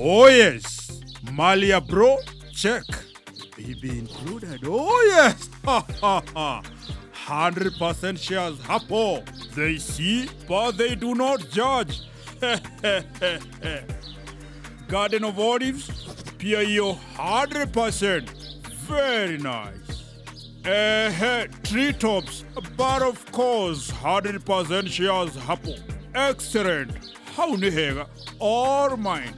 Oh, yes. Malia Bro, check. Bibi included. Oh, yes. Ha ha ha. 100% shares hapo. They see, but they do not judge. Garden of Olives, PIO 100%. Very nice. tree tops, but of course 100% shares hapo. Excellent. How nihega? all mine.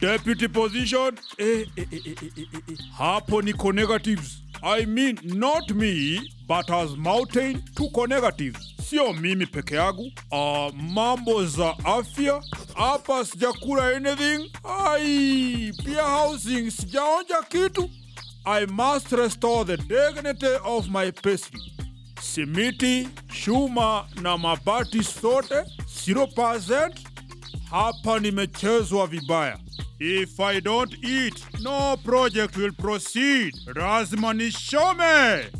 Deputy position eh, eh, eh, eh, eh, eh, eh. eh. Hapo niko negatives. I mean not me but as mountain tuko negatives, sio mimi peke yangu. Uh, mambo za afya hapa sijakula anything. Ai, pia housing sijaonja kitu. I must restore the dignity of my pastry. Simiti, shuma na mabati sote 0%. Hapa nimechezwa vibaya. If I don't eat, no project will proceed. Lazima nishome.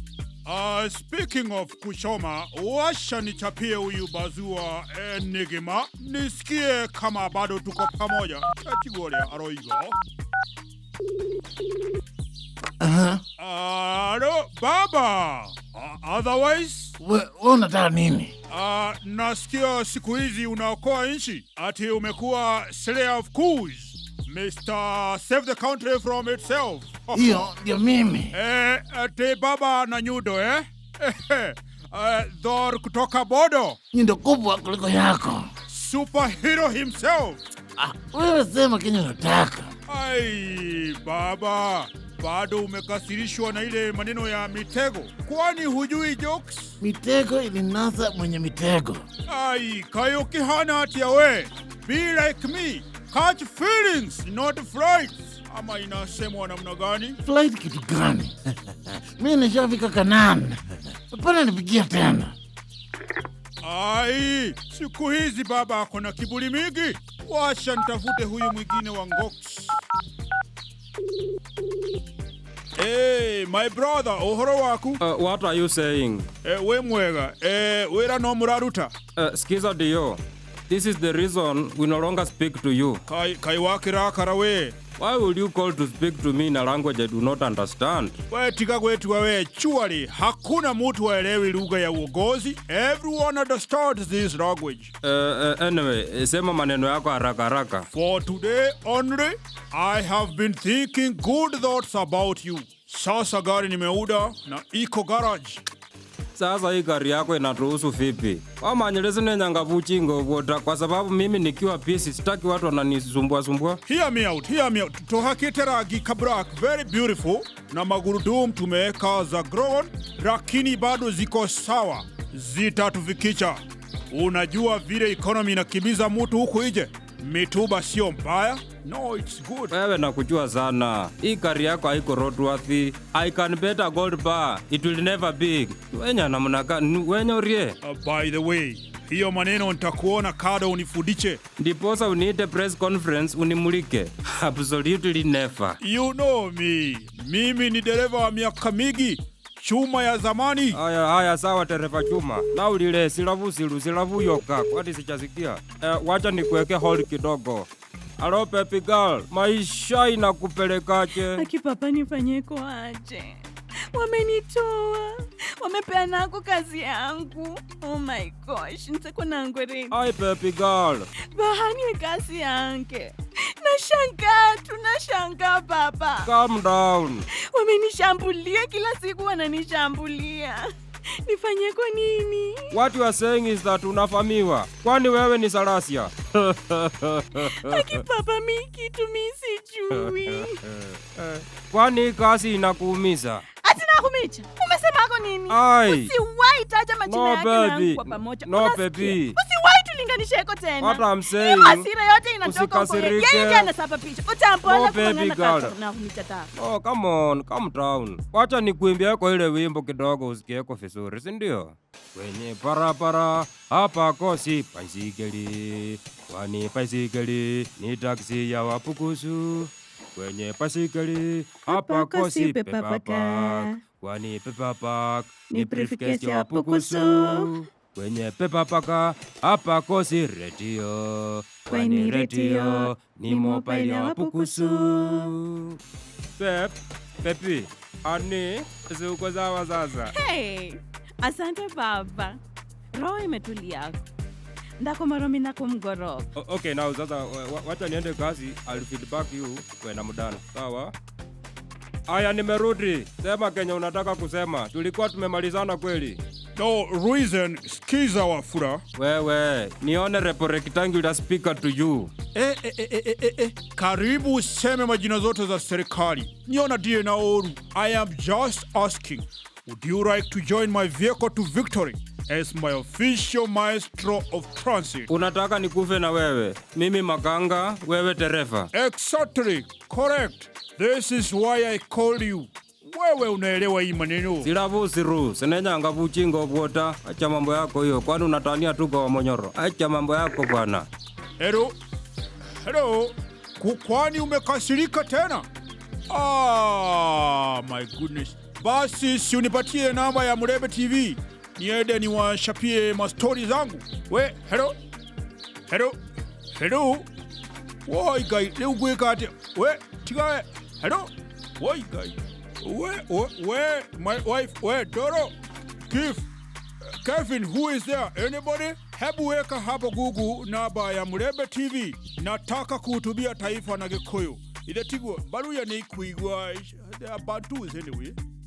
Uh, speaking of kushoma, washa nichapie huyu bazua enigma. Eh, nisikie kama bado tuko pamoja. Chachigole aroigo Aha. Uh-huh. Uh, Alo, baba. Uh, otherwise, We, unataka nini? Uh, nasikia siku hizi unaokoa nchi ati umekuwa slave of course Mr. Save the Country from Itself. Hiyo ndio mimi. Eh, te baba na nyudo eh? Eh, Thor kutoka Bodo. Nyundo kubwa kuliko yako. Superhero himself. Ah, wewe sema kinyo unataka. Ai, baba. Bado umekasirishwa na ile maneno ya mitego? Kwani hujui jokes? Mitego ilinasa mwenye mitego. Ai, kayo kihana atia we. Be like me. Catch feelings not flights. Ama inasemwa namna gani? Flight kitu gani? mi nishafika Kanani. pana nipigia tena. Ai, siku hizi baba akona kiburi mingi. washa nitafute huyu mwingine wa Ngox. Hey, my brother, uhoro waku? Uh, what are you saying? Eh, we mwega. Eh, wera no muraruta. Uh, skiza dio. This is the reason we no longer speak to you. Kai, kai wakira karawe. Why would you call to speak to me in a language I do not understand? Wetika kwetu wewe, surely hakuna mtu aelewi lugha ya uongozi. Everyone understands this language. Uh, uh, anyway, sema maneno yako haraka haraka. For today only, I have been thinking good thoughts about you. Sasa gari nimeuda na iko garage. Sasa hii gari yako inatuhusu vipi? Wamanyelezi nenyanga vuchingo uvota kwa sababu mimi nikiwa pisi sitaki watu wananisumbua sumbua. Hear me out, hear me out. Tuhakite ragi kabrak very beautiful na magurudumu tumeweka za grown, lakini bado ziko sawa, zitatufikisha. Unajua vile economy inakimbiza mutu huku ije Mituba sio mbaya. No, it's good. Wewe nakujua sana. Hii kari yako haiko roadworthy. I can bet a gold bar. It will never be. Wenya namna gani? Wenya urie. Uh, by the way, hiyo maneno nitakuona kada unifudiche. Ndiposa uniite press conference unimulike. Absolutely never. You know me. Mimi ni dereva wa miaka mingi. Chuma ya zamani. Haya haya, sawa tereva Chuma, naulile silavu silu silavu yoka kwati sichasikia. Eh, wacha nikuweke hold kidogo. Alo pepi girl, maisha inakupelekaje? Aki papa, nifanye kwaje? Wamenitoa, wamepea nako kazi yangu. Oh my gosh, nitakuwa na ngwereni. Ai pepi girl, bahani kazi yange Tunashangaa, tunashangaa baba. Calm down. Wamenishambulia kila siku wananishambulia. Nifanye kwa nini? What you are saying is that unafamiwa. Kwani wewe ni Sarasia? Aki baba, mi kitu mi sijui. Kwani kazi inakuumiza? Atina kumicha. Umesema ako nini? Usiwahi taja majina no, yake na kwa pamoja. No, baby haijaniunganisha iko tena. What I'm saying. Hasira yote inatoka huko. Yeye ndiye anasababisha. Oh, na Oh, come on, calm down. Wacha nikuimbia yako ile wimbo kidogo usikie kwa vizuri, si ndio? Kwenye barabara hapa kosi baisikeli. Kwani baisikeli ni taksi ya wapukusu. Kwenye baisikeli hapa kosi pepa Kwani pepa ni briefcase ya wapukusu kwenye pepa paka hapa kosi retio, kwani retio ni mobaili ya pukusu Pep, pepi ani siuko za wazaza Hey, asante baba, roho imetulia ndakomoromi nakumgoroko. Okay, now sasa wacha niende kazi, I'll feedback you kwena mudana, sawa? Aya, nimerudi. Sema kenye unataka kusema, tulikuwa tumemalizana kweli? No reason, skiza Wafula. Wewe, nione repo rectangular speaker to you. E, e, e, e, e, e. Karibu useme majina zote za serikali. Niona die na oru. I am just asking, would you like to join my vehicle to victory? As my official maestro of transit. Unataka nikufe na wewe? Mimi makanga, wewe terefa Exactly, correct. This is why I call you wewe unaelewa hii maneno? Silavusiru sinenyanga vuchingo vuota. Acha mambo yako hiyo, kwani unatania tu kwa Monyoro. Acha mambo yako bwana. Hello. helo, kwani umekasirika tena? Ah, my goodness. Basi si unipatie namba ya Murebe TV niende niwashapie mastori zangu. We, hello. Hello. Hello. woi gai leo gwe gwekate we tigae Hello. woi gai Where, where, my wife, where, Doro? Keith, Kevin, who is there? Anybody? Hebu weka hapo Google namba ya Mulebe TV. Nataka kuhutubia taifa na Gikuyu. Ile tigo baruya ni kuigwa abantu anyway.